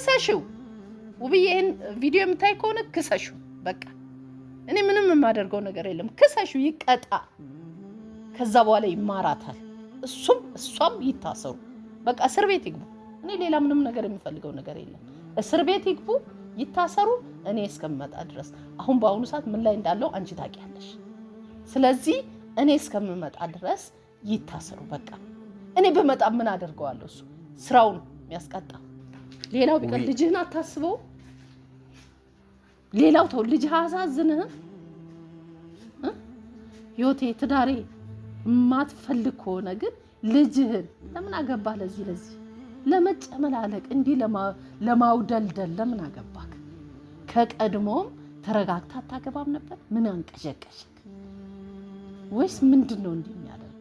ክሰሽው ውብዬ፣ ይህን ቪዲዮ የምታይ ከሆነ ክሰሽው። በቃ እኔ ምንም የማደርገው ነገር የለም። ክሰሽው፣ ይቀጣ። ከዛ በኋላ ይማራታል። እሱም እሷም ይታሰሩ። በቃ እስር ቤት ይግቡ። እኔ ሌላ ምንም ነገር የምፈልገው ነገር የለም። እስር ቤት ይግቡ፣ ይታሰሩ፣ እኔ እስከምመጣ ድረስ። አሁን በአሁኑ ሰዓት ምን ላይ እንዳለው አንቺ ታውቂያለሽ። ስለዚህ እኔ እስከምመጣ ድረስ ይታሰሩ። በቃ እኔ በመጣም ምን አደርገዋለሁ? እሱ ስራውን የሚያስቀጣ ሌላው ቢቀር ልጅህን አታስበው። ሌላው ተው፣ ልጅህ አያሳዝንህም? ህይወቴ፣ ትዳሬ የማትፈልግ ከሆነ ግን ልጅህን ለምን አገባህ? ለዚህ ለዚህ ለመጨመላለቅ እንዲህ ለማውደልደል ለምን አገባክ? ከቀድሞም ተረጋግታ አታገባም ነበር? ምን አንቀሸቀሸክ ወይስ ምንድን ነው እንዲህ የሚያደርግ?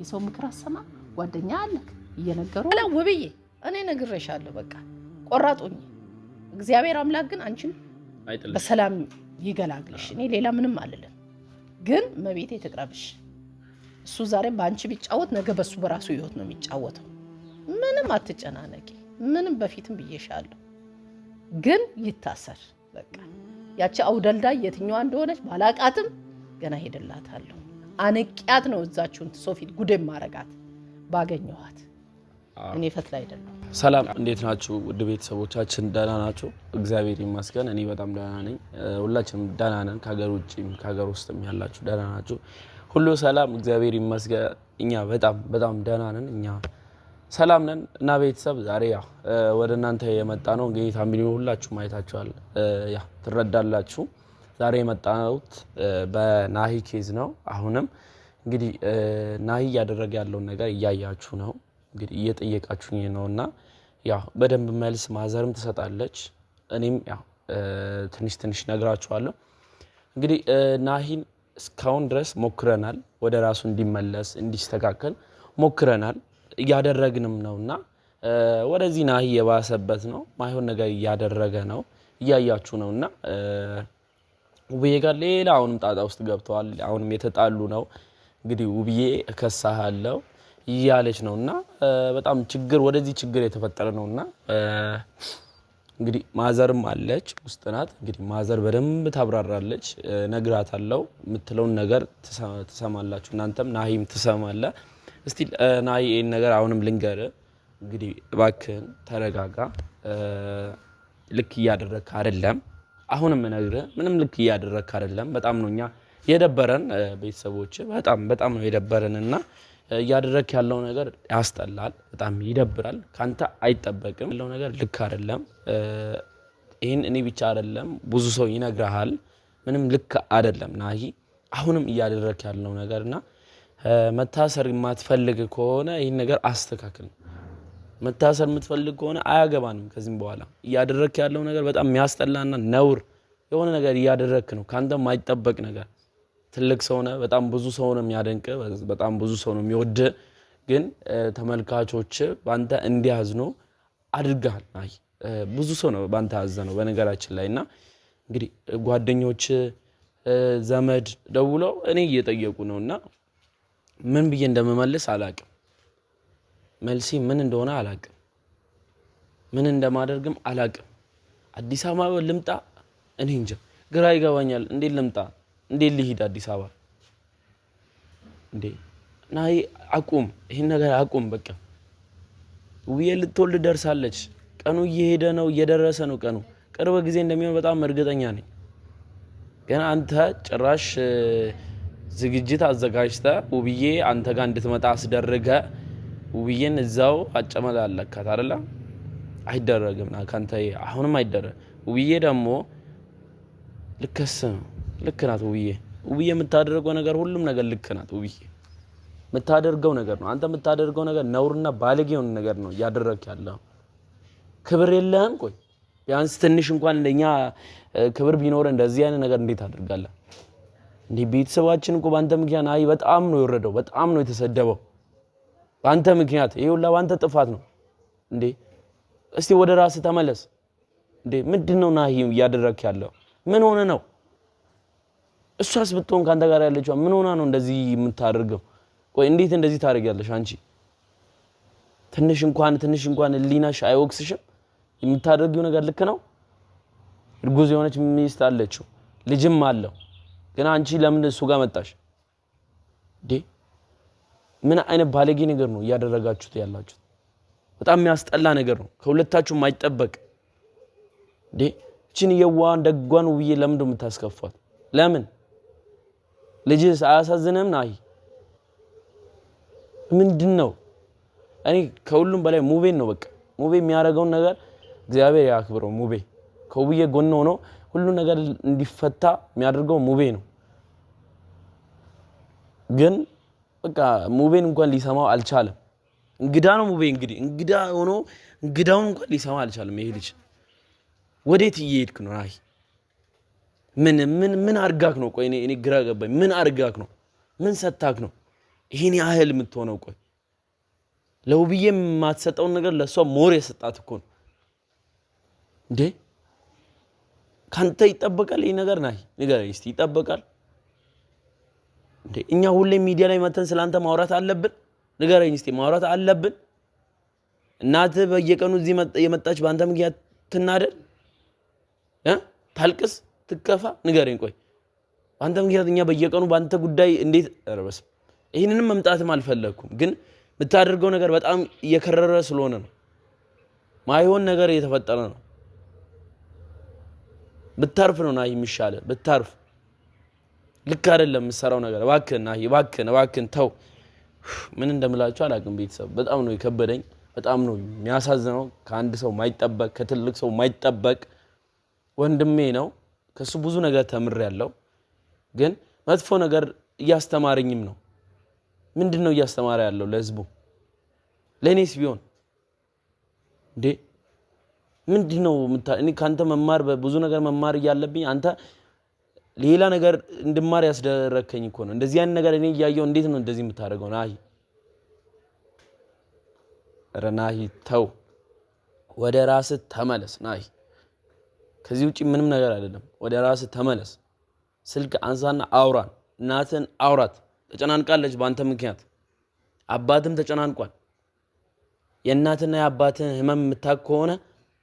የሰው ምክር አሰማ ጓደኛ አለክ እየነገሩ ውብዬ፣ እኔ ነግሬሻለሁ በቃ ቆራጡኝ። እግዚአብሔር አምላክ ግን አንቺን በሰላም ይገላግልሽ። እኔ ሌላ ምንም አልልም፣ ግን መቤቴ ትቅረብሽ። እሱ ዛሬም በአንቺ ቢጫወት ነገ በሱ በራሱ ህይወት ነው የሚጫወተው። ምንም አትጨናነቂ። ምንም በፊትም ብዬሻለሁ፣ ግን ይታሰር። በቃ ያቺ አውደልዳይ የትኛዋ እንደሆነች ባላቃትም ገና ሄደላታለሁ። አንቂያት ነው እዛችሁን ሶፊት ጉዴ ማረጋት ባገኘኋት እኔ ፈትላ አይደለም። ሰላም እንዴት ናችሁ? ውድ ቤተሰቦቻችን ደህና ናቸው። እግዚአብሔር ይመስገን እኔ በጣም ደህና ነኝ። ሁላችንም ደህና ነን። ከሀገር ውጭም ከሀገር ውስጥም ያላችሁ ደህና ናችሁ? ሁሉ ሰላም እግዚአብሔር ይመስገን። እኛ በጣም በጣም ደህና ነን። እኛ ሰላም ነን እና ቤተሰብ ዛሬ ያ ወደ እናንተ የመጣ ነው እንግዲህ ታምቢኒ ሁላችሁ ማየታችኋል፣ ያ ትረዳላችሁ። ዛሬ የመጣነውት በናሂ ኬዝ ነው። አሁንም እንግዲህ ናሂ እያደረገ ያለውን ነገር እያያችሁ ነው። እንግዲህ እየጠየቃችሁኝ ነው እና ያው በደንብ መልስ ማዘርም ትሰጣለች። እኔም ያው ትንሽ ትንሽ ነግራችኋለሁ። እንግዲህ ናሂን እስካሁን ድረስ ሞክረናል፣ ወደ ራሱ እንዲመለስ እንዲስተካከል ሞክረናል፣ እያደረግንም ነው እና ወደዚህ ናሂ የባሰበት ነው። ማይሆን ነገር እያደረገ ነው፣ እያያችሁ ነው እና ውብዬ ጋር ሌላ አሁንም ጣጣ ውስጥ ገብተዋል። አሁንም የተጣሉ ነው። እንግዲህ ውብዬ እከሳሃለው እያለች ነው እና በጣም ችግር ወደዚህ ችግር የተፈጠረ ነው እና እንግዲህ ማዘርም አለች ውስጥ ናት። እንግዲህ ማዘር በደንብ ታብራራለች፣ ነግራታለው። የምትለውን ነገር ትሰማላችሁ። እናንተም ናሂም ትሰማለ። እስቲ ናሂ ይህን ነገር አሁንም ልንገር፣ እንግዲህ እባክህን ተረጋጋ። ልክ እያደረግክ አይደለም። አሁንም እነግርህ ምንም ልክ እያደረግክ አይደለም። በጣም ነው እኛ የደበረን ቤተሰቦች፣ በጣም በጣም ነው የደበረን እና እያደረክ ያለው ነገር ያስጠላል፣ በጣም ይደብራል። ከአንተ አይጠበቅም ያለው ነገር ልክ አይደለም። ይህን እኔ ብቻ አይደለም ብዙ ሰው ይነግረሃል። ምንም ልክ አይደለም ናሂ፣ አሁንም እያደረክ ያለው ነገር እና መታሰር የማትፈልግ ከሆነ ይህን ነገር አስተካክል። መታሰር የምትፈልግ ከሆነ አያገባንም ከዚህም በኋላ እያደረክ ያለው ነገር በጣም የሚያስጠላና ነውር የሆነ ነገር እያደረክ ነው፣ ከአንተ የማይጠበቅ ነገር ትልቅ ሰውነ በጣም ብዙ ሰው ነው የሚያደንቅ፣ በጣም ብዙ ሰው ነው የሚወድ። ግን ተመልካቾች በአንተ እንዲያዝኑ አድርገሃል። አይ ብዙ ሰው ነው በአንተ ያዘ ነው በነገራችን ላይ እና እንግዲህ ጓደኞች ዘመድ ደውለው እኔ እየጠየቁ ነው እና ምን ብዬ እንደምመልስ አላቅም። መልሲ ምን እንደሆነ አላቅም። ምን እንደማደርግም አላቅም። አዲስ አበባ ልምጣ? እኔ እንጃ፣ ግራ ይገባኛል። እንዴት ልምጣ? እንዴት ልሂድ አዲስ አበባ እንዴ? ና አቁም፣ ይህን ነገር አቁም። በቃ ውብዬ ልትወልድ ደርሳለች። ቀኑ እየሄደ ነው፣ እየደረሰ ነው ቀኑ። ቅርብ ጊዜ እንደሚሆን በጣም እርግጠኛ ነኝ። ግን አንተ ጭራሽ ዝግጅት አዘጋጅተ ውብዬ አንተ ጋር እንድትመጣ አስደርገ ውብዬን እዛው አጨመላለካት አይደለ? አይደረግም። ከአንተ አሁንም አይደረግ። ውብዬ ደግሞ ልከስ ነው ልክ ናት ውብዬ። ውብዬ የምታደርገው ነገር ሁሉም ነገር ልክ ናት ውብዬ። የምታደርገው ነገር ነው። አንተ የምታደርገው ነገር ነውርና ባለጌ የሆነ ነገር ነው እያደረግክ ያለው። ክብር የለህም። ቆይ ቢያንስ ትንሽ እንኳን ለኛ ክብር ቢኖር እንደዚህ አይነት ነገር እንዴት አድርጋለህ? እንዲህ ቤተሰባችን እኮ በአንተ ምክንያት አይ በጣም ነው የወረደው፣ በጣም ነው የተሰደበው በአንተ ምክንያት። ይሄ ሁላ በአንተ ጥፋት ነው እንዴ! እስቲ ወደ ራስህ ተመለስ እንዴ! ምንድን ነው ናሂ እያደረግክ ያለው? ምን ሆነ ነው እሷስ ብትሆን ከአንተ ጋር ያለችዋ ምን ሆና ነው እንደዚህ የምታደርገው? ቆይ እንዴት እንደዚህ ታደርጊያለሽ አንቺ? ትንሽ እንኳን ትንሽ እንኳን ህሊናሽ አይወቅስሽም? የምታደርጊው ነገር ልክ ነው? እርጉዝ የሆነች ሚስት አለችው ልጅም አለው። ግን አንቺ ለምን እሱ ጋር መጣሽ? ምን አይነት ባለጌ ነገር ነው እያደረጋችሁት ያላችሁት? በጣም የሚያስጠላ ነገር ነው፣ ከሁለታችሁ ማይጠበቅ እችን የዋን ደጓን ውዬ ለምን የምታስከፏት? ለምን ልጅስ አያሳዝንም? ናይ ምንድን ነው? እኔ ከሁሉም በላይ ሙቤን ነው በቃ ሙቤ የሚያደርገውን ነገር እግዚአብሔር ያክብረው። ሙቤ ከውብዬ ጎን ሆኖ ሁሉ ነገር እንዲፈታ የሚያደርገው ሙቤ ነው። ግን በቃ ሙቤን እንኳን ሊሰማው አልቻለም። እንግዳ ነው ሙቤ እንግዲህ እንግዳ ሆኖ እንግዳውን እንኳን ሊሰማ አልቻለም። ይሄ ልጅ ወዴት እየሄድክ ነው? አይ ምን ምን ምን አርጋክ ነው? ቆይ እኔ ግራ ገባኝ። ምን አርጋክ ነው? ምን ሰታክ ነው ይህን ያህል የምትሆነው? ቆይ ለውብዬ የማትሰጠውን ነገር ለእሷ ሞር የሰጣት እኮ ነው እንዴ። ካንተ ይጠበቃል ይህ ነገር ናይ ንገረኝ እስኪ ይጠበቃል እንዴ? እኛ ሁሌም ሚዲያ ላይ መተን ስለአንተ ማውራት አለብን? ንገረኝ እስኪ ማውራት አለብን? እናት በየቀኑ እዚህ የመጣች በአንተ ምክንያት ትናደድ ታልቅስ ስትከፋ ንገረኝ። ቆይ በአንተ ምክንያት እኛ በየቀኑ በአንተ ጉዳይ እንዴት ረበስ ይህንንም መምጣትም አልፈለግኩም፣ ግን የምታደርገው ነገር በጣም እየከረረ ስለሆነ ነው። ማይሆን ነገር እየተፈጠረ ነው። ብታርፍ ነው ናሂ የሚሻለ። ብታርፍ ልክ አይደለም የምትሰራው ነገር። እባክህን ናሂ፣ እባክህን፣ እባክህን ተው። ምን እንደምላችሁ አላውቅም። ቤተሰብ በጣም ነው የከበደኝ። በጣም ነው የሚያሳዝነው። ከአንድ ሰው ማይጠበቅ ከትልቅ ሰው ማይጠበቅ ወንድሜ ነው። ከሱ ብዙ ነገር ተምር ያለው ግን መጥፎ ነገር እያስተማረኝም ነው። ምንድን ነው እያስተማረ ያለው ለህዝቡ? ለእኔስ ቢሆን እንዴ ምንድን ነው ከአንተ መማር ብዙ ነገር መማር እያለብኝ አንተ ሌላ ነገር እንድማር ያስደረከኝ እኮ ነው። እንደዚህ አይነት ነገር እኔ እያየው እንዴት ነው እንደዚህ የምታደርገው? ናሂ ረናሂ ተው፣ ወደ ራስ ተመለስ ናሂ። ከዚህ ውጭ ምንም ነገር አይደለም። ወደ ራስ ተመለስ። ስልክ አንሳና አውራን እናትን አውራት። ተጨናንቃለች በአንተ ምክንያት። አባትም ተጨናንቋል። የእናትና የአባትን ህመም የምታውቅ ከሆነ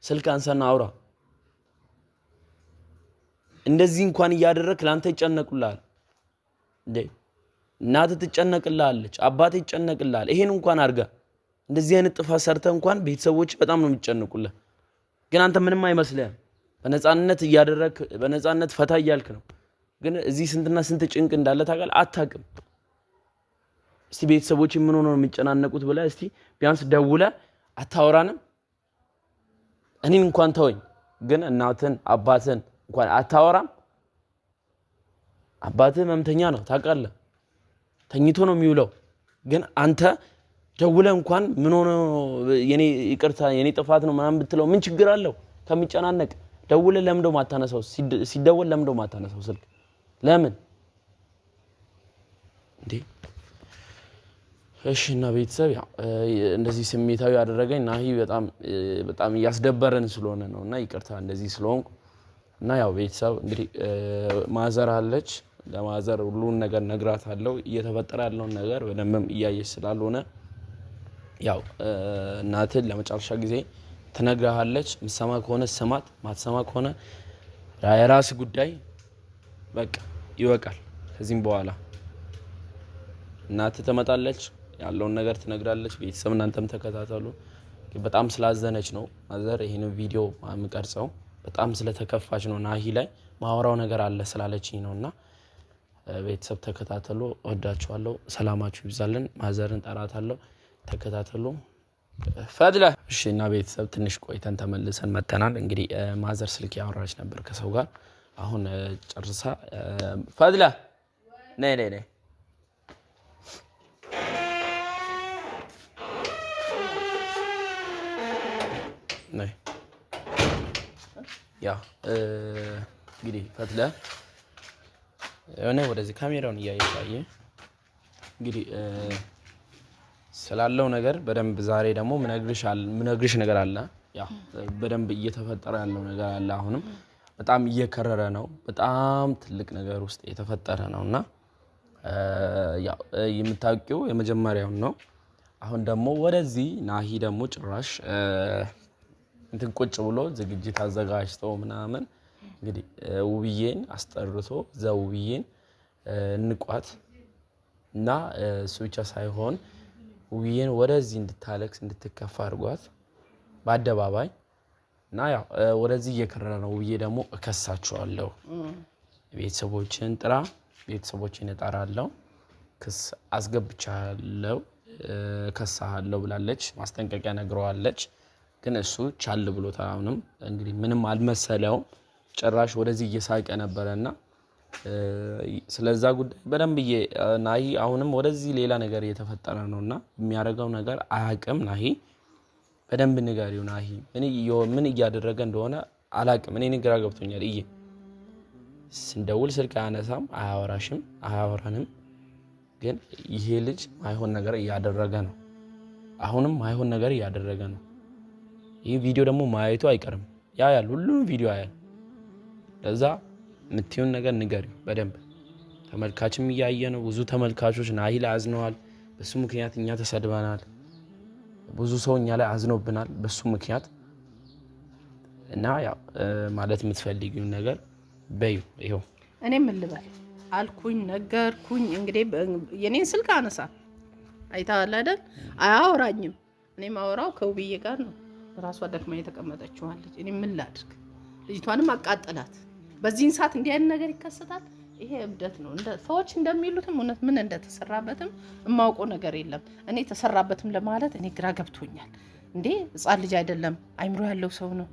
ስልክ አንሳና አውራ። እንደዚህ እንኳን እያደረግ ለአንተ ይጨነቁልሃል። እናት ትጨነቅልሃለች፣ አባት ይጨነቅልሃል። ይሄን እንኳን አድርጋ እንደዚህ አይነት ጥፋት ሰርተ እንኳን ቤተሰቦች በጣም ነው የሚጨነቁልህ፣ ግን አንተ ምንም አይመስልህም። በነፃነት እያደረግ በነፃነት ፈታ እያልክ ነው። ግን እዚህ ስንትና ስንት ጭንቅ እንዳለ ታውቃለህ? አታውቅም። እስቲ ቤተሰቦች ምን ነው የሚጨናነቁት ብለህ እስቲ ቢያንስ ደውለህ አታወራንም? እኔን እንኳን ተወኝ፣ ግን እናትን አባትን እንኳን አታወራም። አባትህ መምተኛ ነው ታውቃለህ፣ ተኝቶ ነው የሚውለው። ግን አንተ ደውለህ እንኳን ምን ሆኖ የኔ ይቅርታ የኔ ጥፋት ነው ምናምን ብትለው ምን ችግር አለው ከሚጨናነቅ ደውለ ለምዶ ማታነሳው? ሲደወል ለምዶ ማታነሳው ስልክ ለምን እንዴ? እሺ እና ቤተሰብ ያ እንደዚህ ስሜታዊ ያደረገኝ ናሂ በጣም በጣም እያስደበረን ስለሆነ ነው እና ይቅርታ እንደዚህ ስለሆንኩ እና ያው ቤተሰብ እንግዲህ ማዘር አለች ለማዘር ሁሉን ነገር አለው እየተፈጠረ ያለውን ነገር በደንብም እያየች ስላልሆነ ያው እናትን ለመጨረሻ ጊዜ ትነግርሃለች። ምሰማ ከሆነ ስማት፣ ማትሰማ ከሆነ የራስ ጉዳይ በቃ ይወቃል። ከዚህም በኋላ እናት ትመጣለች፣ ያለውን ነገር ትነግራለች። ቤተሰብ እናንተም ተከታተሉ። በጣም ስላዘነች ነው ማዘር ይህን ቪዲዮ የምቀርጸው። በጣም ስለተከፋች ነው ናሂ ላይ ማወራው ነገር አለ ስላለችኝ ነው እና ቤተሰብ ተከታተሉ። እወዳችኋለሁ። ሰላማችሁ ይብዛልን። ማዘርን ጠራታለሁ። ተከታተሉ። ፈድለ እሺ። እና ቤተሰብ ትንሽ ቆይተን ተመልሰን መተናል። እንግዲህ ማዘር ስልክ ያወራች ነበር ከሰው ጋር አሁን ጨርሳ ፈድለ ነይ ነይ ነይ ነይ። ያ እንግዲህ ፈትለ የሆነ ወደዚህ ካሜራውን እያየ እንግዲህ ስላለው ነገር በደንብ ዛሬ ደግሞ ምነግርሽ ነገር አለ። በደንብ እየተፈጠረ ያለው ነገር አለ። አሁንም በጣም እየከረረ ነው። በጣም ትልቅ ነገር ውስጥ የተፈጠረ ነው እና የምታውቂው የመጀመሪያውን ነው። አሁን ደግሞ ወደዚህ ናሂ ደግሞ ጭራሽ እንትን ቁጭ ብሎ ዝግጅት አዘጋጅቶ ምናምን እንግዲህ ውብዬን አስጠርቶ ዘውብዬን ውብዬን እንቋት እና እሱ ብቻ ሳይሆን ውይን ወደዚህ እንድታለቅስ እንድትከፋ አድርጓት በአደባባይ እና ያው ወደዚህ እየከረረ ነው። ውዬ ደግሞ እከሳችኋለሁ፣ ቤተሰቦችን ጥራ፣ ቤተሰቦችን እጠራለሁ፣ ክስ አስገብቻለሁ፣ እከሳለሁ ብላለች። ማስጠንቀቂያ ነግረዋለች። ግን እሱ ቻል ብሎታል። አሁንም እንግዲህ ምንም አልመሰለውም። ጭራሽ ወደዚህ እየሳቀ ነበረ ነበረና ስለዛ ጉዳይ በደንብ ናሂ አሁንም ወደዚህ ሌላ ነገር እየተፈጠረ ነው እና የሚያደርገው ነገር አያቅም። ናሂ በደንብ ንገሪው። ናሂ ምን እያደረገ እንደሆነ አላቅም። እኔ ግራ ገብቶኛል። እዬ ስንደውል ስልክ አያነሳም፣ አያወራሽም፣ አያወራንም። ግን ይሄ ልጅ ማይሆን ነገር እያደረገ ነው። አሁንም ማይሆን ነገር እያደረገ ነው። ይህ ቪዲዮ ደግሞ ማየቱ አይቀርም። ያ ያል ሁሉም ቪዲዮ ያያል። ለዛ የምትሆን ነገር ንገሪው በደንብ ተመልካችም እያየ ነው። ብዙ ተመልካቾች ናሂል አዝነዋል። በሱ ምክንያት እኛ ተሰድበናል። ብዙ ሰው እኛ ላይ አዝኖብናል በሱ ምክንያት እና ያው ማለት የምትፈልጊውን ነገር በዩ ይኸው እኔ ምን ልበል አልኩኝ ነገርኩኝ። እንግዲህ የኔን ስልክ አነሳ አይተሃል አይደል? አያወራኝም። እኔ ማወራው ከውብዬ ጋር ነው። ራሷ ደክማ የተቀመጠችዋለች። እኔ ምን ላድርግ? ልጅቷንም አቃጠላት። በዚህን ሰዓት እንዲህ አይነት ነገር ይከሰታል። ይሄ እብደት ነው። ሰዎች እንደሚሉትም እውነት ምን እንደተሰራበትም የማውቀው ነገር የለም። እኔ ተሰራበትም ለማለት እኔ ግራ ገብቶኛል። እንዴ ህፃን ልጅ አይደለም አይምሮ ያለው ሰው ነው።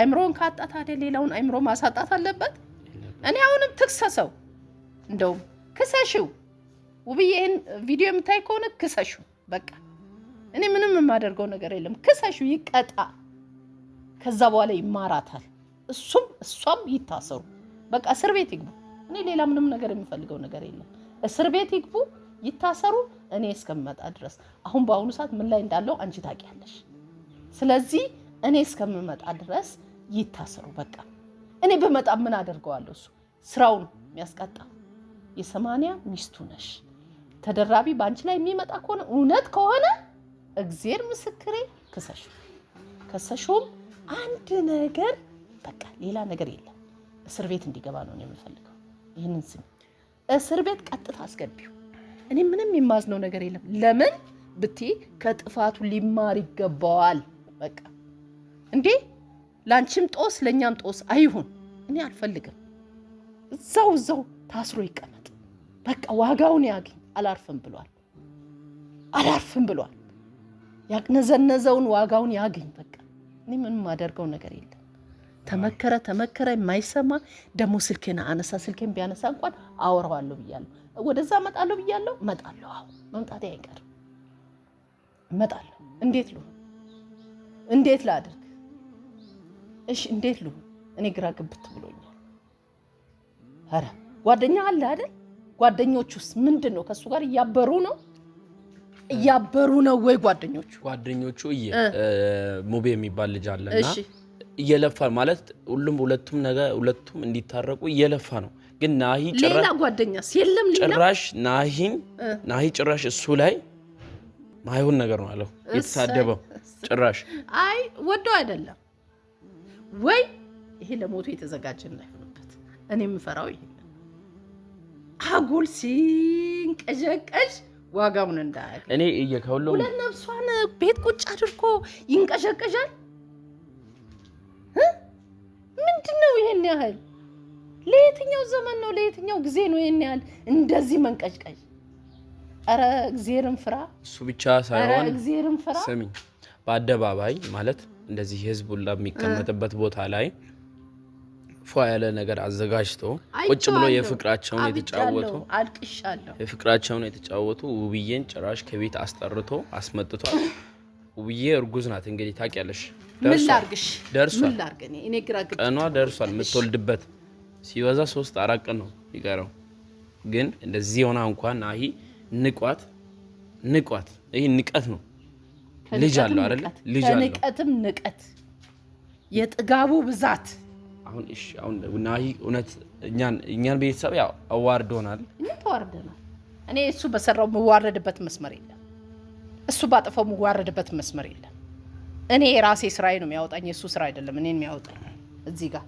አይምሮውን ካጣት አይደል ሌላውን አይምሮ ማሳጣት አለበት? እኔ አሁንም ትክሰሰው፣ እንደውም ክሰሽው። ውብዬ ይህን ቪዲዮ የምታይ ከሆነ ክሰሽው። በቃ እኔ ምንም የማደርገው ነገር የለም። ክሰሽው፣ ይቀጣ። ከዛ በኋላ ይማራታል። እሱም እሷም ይታሰሩ። በቃ እስር ቤት ይግቡ። እኔ ሌላ ምንም ነገር የሚፈልገው ነገር የለም። እስር ቤት ይግቡ፣ ይታሰሩ፣ እኔ እስከምመጣ ድረስ። አሁን በአሁኑ ሰዓት ምን ላይ እንዳለው አንቺ ታውቂያለሽ። ስለዚህ እኔ እስከምመጣ ድረስ ይታሰሩ። በቃ እኔ በመጣ ምን አደርገዋለሁ? እሱ ስራውን የሚያስቀጣ የሰማንያ ሚስቱ ነሽ። ተደራቢ በአንቺ ላይ የሚመጣ ከሆነ እውነት ከሆነ እግዜር ምስክሬ ክሰሹ፣ ከሰሹም አንድ ነገር በቃ ሌላ ነገር የለም። እስር ቤት እንዲገባ ነው የምፈልገው። ይህንን ስም እስር ቤት ቀጥታ አስገቢው። እኔ ምንም የማዝነው ነገር የለም። ለምን ብቴ ከጥፋቱ ሊማር ይገባዋል። በቃ እንዴ ለአንቺም ጦስ ለእኛም ጦስ አይሁን። እኔ አልፈልግም። እዛው እዛው ታስሮ ይቀመጥ። በቃ ዋጋውን ያግኝ። አላርፍም ብሏል፣ አላርፍም ብሏል። ያቅነዘነዘውን ዋጋውን ያግኝ። በቃ እኔ ምንም ማደርገው ነገር የለም። ተመከረ ተመከረ የማይሰማ ደግሞ ስልኬን አነሳ። ስልኬን ቢያነሳ እንኳን አወራዋለሁ ብያለሁ፣ ወደዛ መጣለሁ ብያለሁ። መጣለሁ አዎ መምጣቴ አይቀርም፣ መጣለሁ። እንዴት ልሁን? እንዴት ላድርግ? እሺ እንዴት ልሁን? እኔ ግራ ግብት ብሎኛል። ኧረ ጓደኛ አለ አይደል? ጓደኞቹስ ምንድን ነው? ከእሱ ጋር እያበሩ ነው እያበሩ ነው ወይ ጓደኞቹ? ጓደኞቹ ሙቤ የሚባል ልጅ አለና እየለፋ ማለት ሁሉም ሁለቱም ነገ ሁለቱም እንዲታረቁ እየለፋ ነው። ግን ናሂ ሌላ ጓደኛስ የለም ጭራሽ ናሂን ናሂ ጭራሽ እሱ ላይ ማይሆን ነገር ነው አለው የተሳደበው ጭራሽ አይ ወዶ አይደለም ወይ ይሄ ለሞቱ የተዘጋጀ እንዳይሆንበት እኔ የምፈራው ይሄ አጉል ሲንቀዠቀዥ ዋጋውን እንዳያገኝ እኔ ከሁሉም ሁለት ነፍሷን ቤት ቁጭ አድርጎ ይንቀሸቀሻል። ምንድን ነው ይህን ያህል? ለየትኛው ዘመን ነው ለየትኛው ጊዜ ነው ይህን ያህል እንደዚህ መንቀጭቀጭ? ኧረ እግዜርን ፍራ። እሱ ብቻ ሳይሆን እግዜርን ፍራ። ስሚኝ፣ በአደባባይ ማለት እንደዚህ ህዝቡ የሚቀመጥበት ቦታ ላይ ፏ ያለ ነገር አዘጋጅቶ ቁጭ ብሎ የፍቅራቸውን የተጫወቱ የፍቅራቸውን የተጫወቱ ውብዬን ጭራሽ ከቤት አስጠርቶ አስመጥቷል። ውብዬ እርጉዝ ናት እንግዲህ ታውቂያለሽ። ምን ቀኗ ደርሷል። የምትወልድበት ሲበዛ ሶስት አራት ቀን ነው ግን እንደዚህ እንኳን ንቋት፣ ንቋት። ንቀት ነው። ልጅ አለው ልጅ አለው። ከንቀትም ንቀት፣ የጥጋቡ ብዛት። አሁን እሺ፣ አሁን ናሂ እውነት እኛን እኛን ቤተሰብ ያው አዋርዶናል፣ ተዋርደናል። እኔ እሱ በሰራው የምዋረድበት መስመር የለም፣ እሱ ባጠፋው የምዋረድበት መስመር የለም። እኔ የራሴ ስራዬ ነው የሚያወጣኝ፣ የእሱ ስራ አይደለም እኔን የሚያወጣኝ። እዚህ ጋር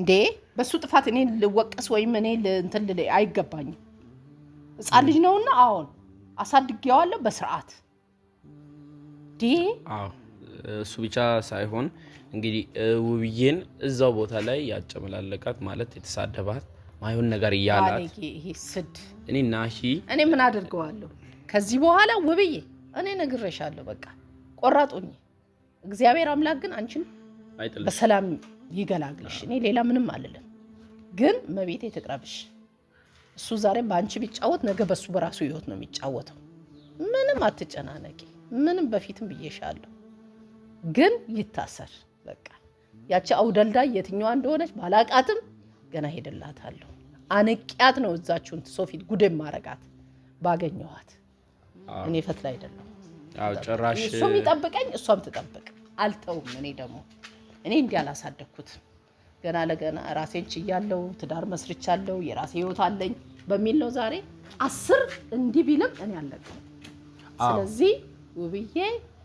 እንዴ በእሱ ጥፋት እኔ ልወቀስ ወይም እኔ እንትን ልል አይገባኝም። ሕፃን ልጅ ነውና፣ አሁን አሳድጌዋለሁ በስርዓት እሱ ብቻ ሳይሆን እንግዲህ ውብዬን እዛው ቦታ ላይ ያጨመላለቃት ማለት የተሳደባት ማይሆን ነገር እያላት ስድ እኔ እኔ ምን አድርገዋለሁ ከዚህ በኋላ ውብዬ እኔ ነግሬሻለሁ በቃ ቆራጡኝ እግዚአብሔር አምላክ ግን አንቺን በሰላም ይገላግልሽ። እኔ ሌላ ምንም አልልም፣ ግን መቤቴ ትቅረብሽ። እሱ ዛሬ በአንቺ ቢጫወት ነገ በሱ በራሱ ህይወት ነው የሚጫወተው። ምንም አትጨናነቂ። ምንም በፊትም ብዬሻለሁ፣ ግን ይታሰር። በቃ ያቺ አውደልዳ የትኛዋ እንደሆነች ባላቃትም ገና ሄድላታለሁ። አንቅያት ነው እዛችሁን ሶፊት ጉድ ማረጋት ባገኘኋት እኔ ፈትላ አይደለም። ጭራሽ እሱም ይጠብቀኝ እሷም ትጠብቅ። አልጠውም። እኔ ደግሞ እኔ እንዲህ አላሳደግኩት ገና ለገና ራሴን ችያለሁ፣ ትዳር መስርቻለሁ፣ የራሴ ህይወት አለኝ በሚል ነው ዛሬ አስር እንዲህ ቢልም እኔ አለቀ። ስለዚህ ውብዬ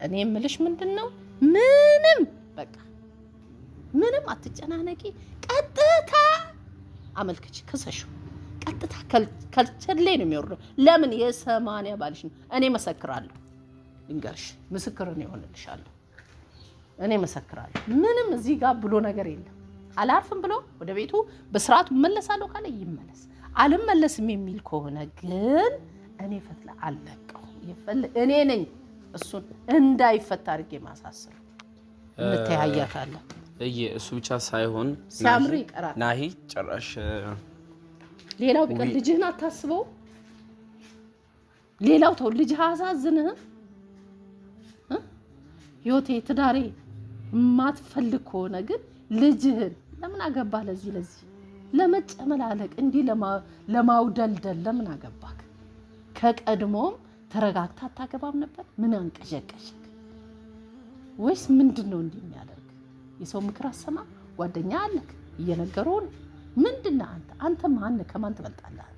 እኔ የምልሽ ምንድን ነው ምንም በቃ ምንም አትጨናነቂ። ቀጥታ አመልክች ክሰሹ ቀጥታ ከልቸሌ ነው የሚወርደው። ለምን የሰማንያ ባልሽ ነው። እኔ መሰክራለሁ። ልንገርሽ፣ ምስክርን ይሆንልሻለሁ። እኔ መሰክራለሁ። ምንም እዚህ ጋር ብሎ ነገር የለም። አላርፍም ብሎ ወደ ቤቱ በስርዓቱ መለሳለሁ ካለ ይመለስ። አልመለስም የሚል ከሆነ ግን እኔ ፈትለ አልለቀው እኔ ነኝ እሱን እንዳይፈታ አድርጌ ማሳሰብ እንተያያታለን። እሱ ብቻ ሳይሆን ሲያምር ይቀራል። ናሂ ጭራሽ ሌላው ቢቀር ልጅህን አታስበው። ሌላው ተው ልጅህ አሳዝንህ ህይወቴ፣ ትዳሬ የማትፈልግ ከሆነ ግን ልጅህን ለምን አገባ ለዚህ ለዚህ ለመጨመላለቅ እንዲህ ለማውደልደል ለምን አገባክ? ከቀድሞም ተረጋግታ አታገባም ነበር? ምን አንቀዠቀዠክ? ወይስ ምንድን ነው እንዲህ የሚያደርግ? የሰው ምክር አሰማ ጓደኛ አለክ እየነገሩን ምንድን ነህ አንተ? አንተ ማነህ? ከማን ትበልጣለህ?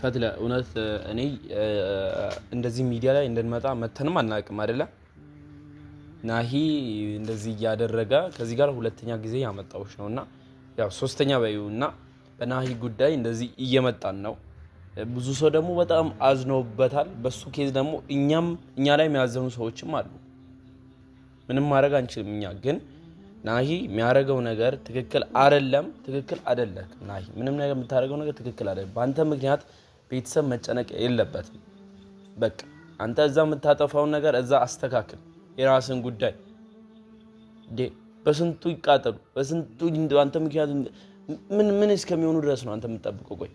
ፈትለ እውነት እኔ እንደዚህ ሚዲያ ላይ እንድንመጣ መተንም አናውቅም አይደለ? ናሂ እንደዚህ እያደረገ ከዚህ ጋር ሁለተኛ ጊዜ ያመጣዎች ነው እና ያው ሶስተኛ በዩ እና በናሂ ጉዳይ እንደዚህ እየመጣን ነው። ብዙ ሰው ደግሞ በጣም አዝኖበታል። በሱ ኬዝ ደግሞ እኛም እኛ ላይ የሚያዘኑ ሰዎችም አሉ። ምንም ማድረግ አንችልም እኛ ግን ናሂ የሚያደርገው ነገር ትክክል አደለም፣ ትክክል አደለም። ናሂ ምንም ነገር የምታደርገው ነገር ትክክል አደለም። በአንተ ምክንያት ቤተሰብ መጨነቅ የለበትም። በቃ አንተ እዛ የምታጠፋውን ነገር እዛ አስተካክል፣ የራስን ጉዳይ። በስንቱ ይቃጠሉ፣ በስንቱ አንተ ምክንያት ምን ምን እስከሚሆኑ ድረስ ነው አንተ የምጠብቀው? ቆይ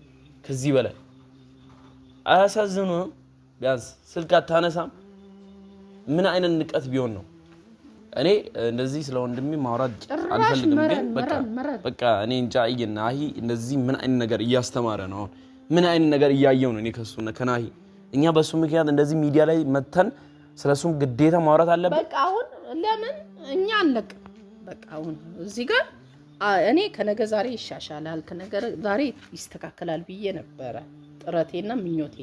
ከዚህ በላይ አያሳዝኑም? ቢያንስ ስልክ አታነሳም? ምን አይነት ንቀት ቢሆን ነው? እኔ እንደዚህ ስለ ወንድሜ ማውራት አልፈልግም፣ ግን በቃ እኔ እንጃ እና ናሂ እንደዚህ ምን አይነት ነገር እያስተማረ ነው? አሁን ምን አይነት ነገር እያየው ነው? እኔ ከሱ ከናሂ እኛ በሱ ምክንያት እንደዚህ ሚዲያ ላይ መተን ስለሱም ግዴታ ማውራት አለብን። በቃ አሁን ለምን እኛ አለቅ በቃ አሁን እዚህ ጋር እኔ ከነገ ዛሬ ይሻሻላል ከነገ ዛሬ ይስተካከላል ብዬ ነበረ ጥረቴና ምኞቴ።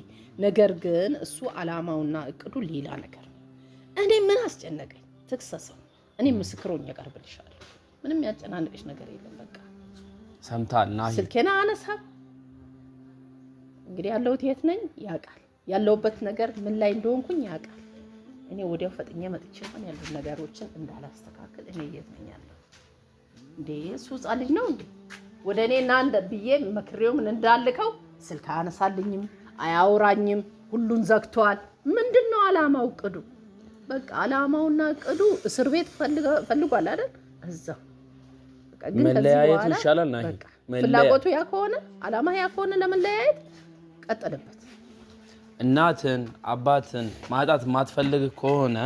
ነገር ግን እሱ አላማውና እቅዱ ሌላ ነገር። እኔ ምን አስጨነቀኝ ትክሰሰው እኔ ምስክሮኝ ያቀርብልሻለሁ። ምንም ያጨናንቅሽ ነገር የለም። በቃ ሰምታ ና ስልኬና አነሳም። እንግዲህ ያለሁት የት ነኝ ያውቃል፣ ያለሁበት ነገር ምን ላይ እንደሆንኩኝ ያውቃል። እኔ ወዲያው ፈጥኜ መጥቼ ሆን ያሉ ነገሮችን እንዳላስተካክል እኔ የት ነኝ እንዴ? እሱ ሕፃን ልጅ ነው እንዴ? ወደ እኔ ና ብዬ መክሬው ምን እንዳልከው ስልክ አያነሳልኝም፣ አያወራኝም፣ ሁሉን ዘግቷል። ምንድን ነው አላማው፣ እቅዱ በቃ አላማውና እቅዱ እስር ቤት ፈልጓል አይደል? እዛው መለያየቱ ይሻላል ና ፍላጎቱ ያ ከሆነ አላማ ያ ከሆነ ለመለያየት ቀጠልበት። እናትን አባትን ማጣት ማትፈልግ ከሆነ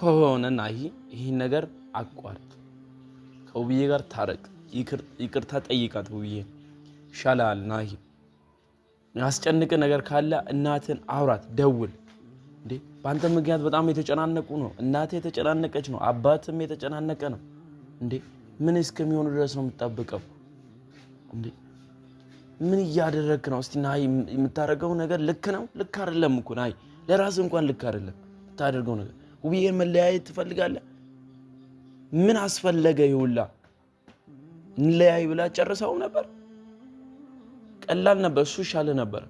ከሆነ ና ይህን ነገር አቋርጥ፣ ከውብዬ ጋር ታረቅ፣ ይቅርታ ጠይቃት ውብዬ ይሻላል ና ያስጨንቅ ነገር ካለ እናትን አውራት፣ ደውል በአንተ ምክንያት በጣም የተጨናነቁ ነው። እናቴ የተጨናነቀች ነው። አባትም የተጨናነቀ ነው። እንዴ ምን እስከሚሆኑ ድረስ ነው የምትጠብቀው? እንዴ ምን እያደረግክ ነው? እስቲ ናይ የምታደርገው ነገር ልክ ነው? ልክ አይደለም እኮ ናይ፣ ለራስ እንኳን ልክ አይደለም የምታደርገው ነገር። ውብዬን መለያየት ትፈልጋለህ? ምን አስፈለገ? ይውላ እንለያይ ብላ ጨርሰው ነበር። ቀላል ነበር እሱ፣ ይሻልህ ነበር።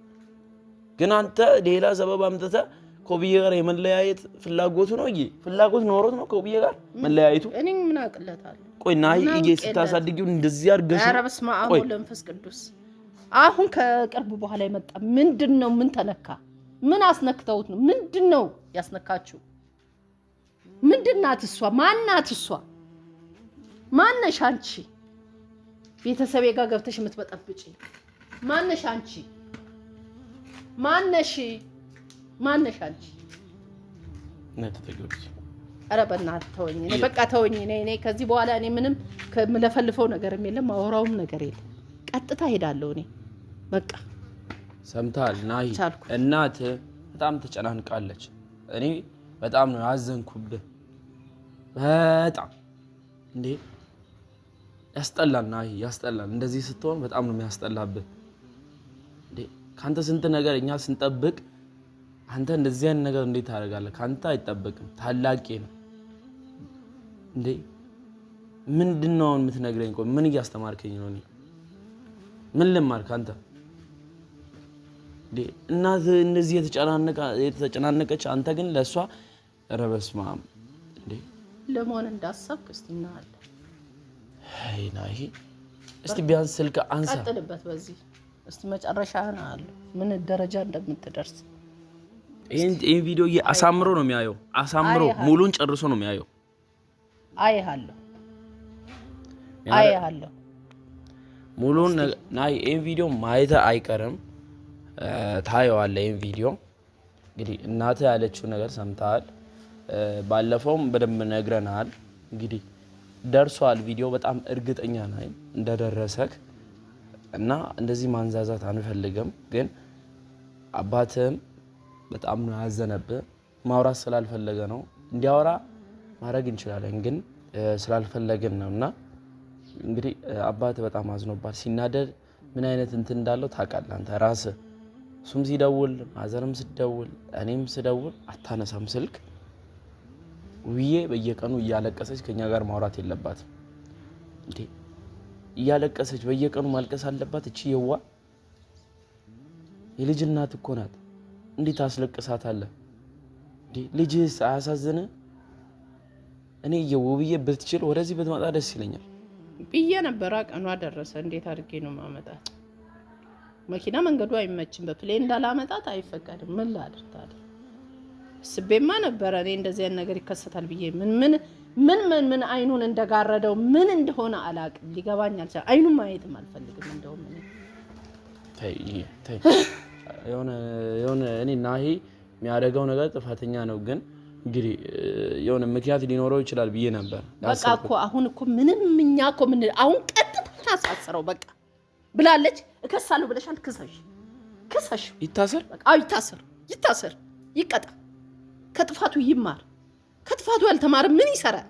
ግን አንተ ሌላ ሰበብ አምጥተህ ከውብዬ ጋር የመለያየት ፍላጎቱ ነው። ይሄ ፍላጎት ኖሮት ነው ከውብዬ ጋር መለያየቱ። እኔ ምን አቅለታለሁ? ቆይ ና እዬ ስታሳድጊው እንደዚህ አድርገሽ ኧረ በስመ አብ ወመንፈስ ቅዱስ። አሁን ከቅርብ በኋላ የመጣ ምንድን ነው? ምን ተነካ? ምን አስነክተውት ነው? ምንድን ነው ያስነካችው? ምንድን እሷ? ማናት እሷ? ማነሽ አንቺ? ቤተሰቤ ጋር ገብተሽ የምትበጠብጪ ማነሽ አንቺ? ማነሽ ማነሽ አንቺ? ኧረ በእናትህ ተወኝ። እኔ በቃ ተወኝ። እኔ እኔ ከዚህ በኋላ እኔ ምንም የምለፈልፈው ነገርም የለም አወራውም ነገር የለም። ቀጥታ ሄዳለሁ እኔ በቃ ሰምታል ናይ እናት በጣም ተጨናንቃለች። እኔ በጣም ነው ያዘንኩብህ። በጣም እንዴ ያስጠላል፣ ናይ ያስጠላል። እንደዚህ ስትሆን በጣም ነው የሚያስጠላብህ። እንዴ ካንተ ስንት ነገር እኛ ስንጠብቅ አንተ እንደዚህ አይነት ነገር እንዴት ታደርጋለህ? ከአንተ አይጠበቅም። ታላቄ ነው እንዴ? ምንድን ነው አሁን የምትነግረኝ? ቆይ ምን እያስተማርከኝ ነው? እኔ ምን ልማር ከአንተ እንዴ? እናት እንደዚህ የተጨናነቀች አንተ ግን ለእሷ ረበስማ በስመ አብ ለመሆን እንዳሰብክ እስቲ እናያለን። ና ይሄ እስቲ ቢያንስ ስልክ አንሳ፣ ቀጥልበት በዚህ እስቲ መጨረሻህን አለ ምን ደረጃ እንደምትደርስ ይህን ቪዲዮ አሳምሮ ነው የሚያየው። አሳምሮ ሙሉን ጨርሶ ነው የሚያየው። አይሃለሁ አይሃለሁ ሙሉን ናይ ይህን ቪዲዮ ማየት አይቀርም። ታየዋለህ። ይህን ቪዲዮ እንግዲህ እናትህ ያለችው ነገር ሰምተሃል። ባለፈውም በደንብ ነግረናል። እንግዲህ ደርሷል ቪዲዮ በጣም እርግጠኛ ናይ እንደደረሰክ እና እንደዚህ ማንዛዛት አንፈልግም ግን አባትህም በጣም ነው ያዘነብህ። ማውራት ስላልፈለገ ነው። እንዲያወራ ማድረግ እንችላለን፣ ግን ስላልፈለግን ነው እና እንግዲህ አባት በጣም አዝኖባት ሲናደድ ምን አይነት እንትን እንዳለው ታውቃለህ አንተ እሱም ሲደውል ማዘርም ስደውል እኔም ስደውል አታነሳም ስልክ ውዬ በየቀኑ እያለቀሰች ከኛ ጋር ማውራት የለባትም እንዴ! እያለቀሰች በየቀኑ ማልቀስ አለባት? እቺ የዋ የልጅ እናት እኮ ናት። እንዴት አስለቅሳታለህ? ልጅህስ አያሳዝነ? እኔ የውብዬ ብትችል ወደዚህ ብትመጣ ደስ ይለኛል ብዬ ነበረ። ቀኗ ደረሰ። እንዴት አድርጌ ነው ማመጣት? መኪና መንገዱ አይመችም። በፕሌን እንዳላመጣት አይፈቀድም። ምን ላድርግ ስቤማ ነበረ እኔ እንደዚህ አይነት ነገር ይከሰታል ብዬ ምን ምን ምን ምን ምን አይኑን እንደጋረደው ምን እንደሆነ አላቅም። ሊገባኝ አይኑን ማየትም አልፈልግም። እንደውም የሆነ የሆነ እኔ ናሂ የሚያደርገው ነገር ጥፋተኛ ነው ግን እንግዲህ የሆነ ምክንያት ሊኖረው ይችላል ብዬ ነበር። በቃ እኮ አሁን እኮ ምንም እኛ እኮ ምን አሁን ቀጥታ ታሳስረው በቃ ብላለች። እከሳለሁ ብለሻል። ክሰሽ ክሰሽ ይታሰር። አዎ ይታሰር፣ ይታሰር፣ ይቀጣ፣ ከጥፋቱ ይማር። ከጥፋቱ ያልተማረ ምን ይሰራል?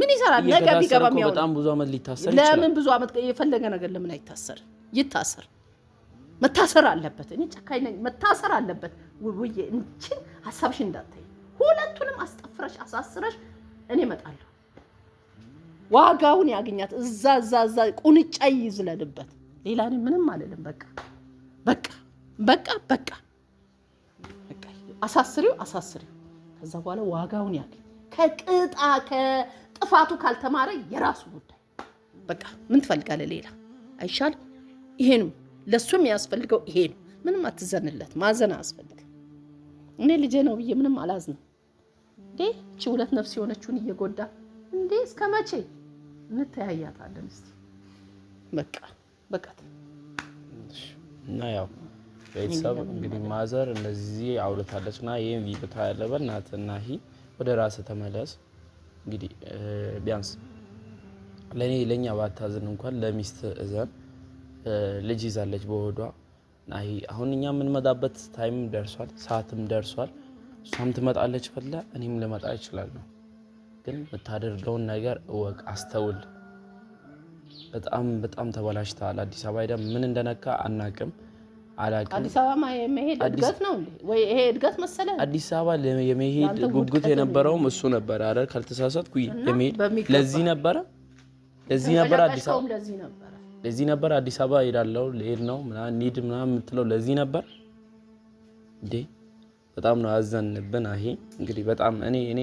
ምን ይሰራል? ነገ ቢገባ በጣም ብዙ አመት ሊታሰር ይችላል። ለምን ብዙ ዓመት የፈለገ ነገር ለምን አይታሰር? ይታሰር። መታሰር አለበት። እኔ ጨካኝ ነኝ፣ መታሰር አለበት። ውብዬ እንችን ሀሳብሽ እንዳታይ ሁለቱንም አስጠፍረሽ አሳስረሽ እኔ እመጣለሁ። ዋጋውን ያገኛት። እዛ እዛ እዛ ቁንጫ ይዝለልበት። ሌላ እኔ ምንም አልልም። በቃ በቃ በቃ በቃ አሳስሪው አሳስሪው። ከዛ በኋላ ዋጋውን ያገኝ። ከቅጣ ከጥፋቱ ካልተማረ የራሱ ጉዳይ። በቃ ምን ትፈልጋለህ ሌላ? አይሻልም? ይሄንም ለእሱ የሚያስፈልገው ይሄ ነው። ምንም አትዘንለት፣ ማዘን አያስፈልግም። እኔ ልጄ ነው ብዬ ምንም አላዝንም። እንዴ እቺ ሁለት ነፍስ የሆነችውን እየጎዳ እንዴ እስከ መቼ እንተያያታለን? እስቲ በቃ በቃ እና ያው ቤተሰብ እንግዲህ ማዘር እንደዚህ አውርታለች። ና ይህን ቪዲዮ ታያለህ፣ በእናትህ እና ሂ ወደ ራስ ተመለስ። እንግዲህ ቢያንስ ለእኔ ለእኛ ባታዝን እንኳን ለሚስት እዘን ልጅ ይዛለች በሆዷ። አሁን እኛ የምንመጣበት ታይም ደርሷል፣ ሰዓትም ደርሷል። እሷም ትመጣለች ፈላ እኔም ልመጣ እችላለሁ። ግን የምታደርገውን ነገር እወቅ፣ አስተውል። በጣም በጣም ተበላሽተሃል። አዲስ አበባ ሄደ ምን እንደነካ አናቅም አዲስ አበባ አዲስ አበባ የመሄድ ጉጉት የነበረውም እሱ ነበረ። አረ ካልተሳሳትኩ የመሄድ ለዚህ ነበረ ለዚህ ነበረ አዲስ አበባ ለዚህ ነበር አዲስ አበባ ሄዳለው ልሄድ ነው ምናምን ኒድ ምናምን የምትለው ለዚህ ነበር እንዴ? በጣም ነው ያዘንብን። አሄ እንግዲህ በጣም እኔ እኔ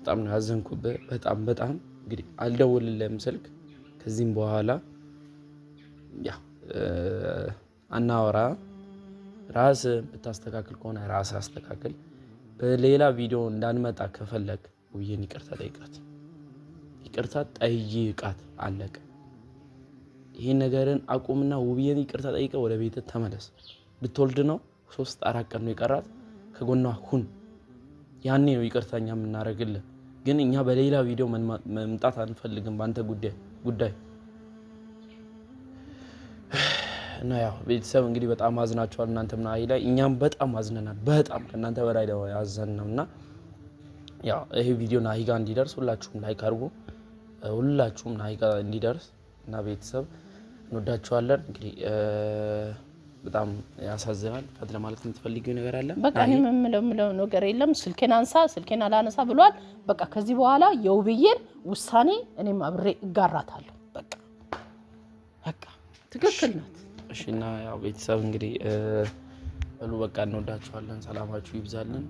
በጣም ነው ያዘንኩብህ። በጣም በጣም እንግዲህ አልደውልልህም ስልክ ከዚህም በኋላ ያ አናወራ። ራስ ብታስተካክል ከሆነ ራስ አስተካክል። በሌላ ቪዲዮ እንዳንመጣ ከፈለግ ውይን ይቅርታ ጠይቃት፣ ይቅርታ ጠይቃት። አለቀ። ይህን ነገርን አቁምና ውብዬን ይቅርታ ጠይቀ ወደ ቤት ተመለስ። ልትወልድ ነው። ሶስት አራት ቀን ነው የቀራት። ከጎኗ ሁን። ያኔ ነው ይቅርታ እኛ የምናደርግልን። ግን እኛ በሌላ ቪዲዮ መምጣት አንፈልግም በአንተ ጉዳይ እና ያው ቤተሰብ እንግዲህ በጣም አዝናቸዋል። እናንተም ናይ ላይ እኛም በጣም አዝነናል። በጣም ከእናንተ በላይ ነው ያዘን ነው እና ያው ይሄ ቪዲዮ ናሂ እንዲደርስ ሁላችሁም ላይክ አድርጉ። ሁላችሁም ናሂ እንዲደርስ እና ቤተሰብ እንወዳችኋለን። እንግዲህ በጣም ያሳዝናል። ፈት ለማለት የምትፈልጊው ነገር አለ? በቃ ይህም የምለው ምለው ነገር የለም። ስልኬን አንሳ፣ ስልኬን አላነሳ ብሏል። በቃ ከዚህ በኋላ የውብዬን ውሳኔ እኔም አብሬ እጋራታለሁ። በቃ በቃ ትክክል ናት። እሺና ያው ቤተሰብ እንግዲህ እሉ በቃ እንወዳችኋለን። ሰላማችሁ ይብዛልን።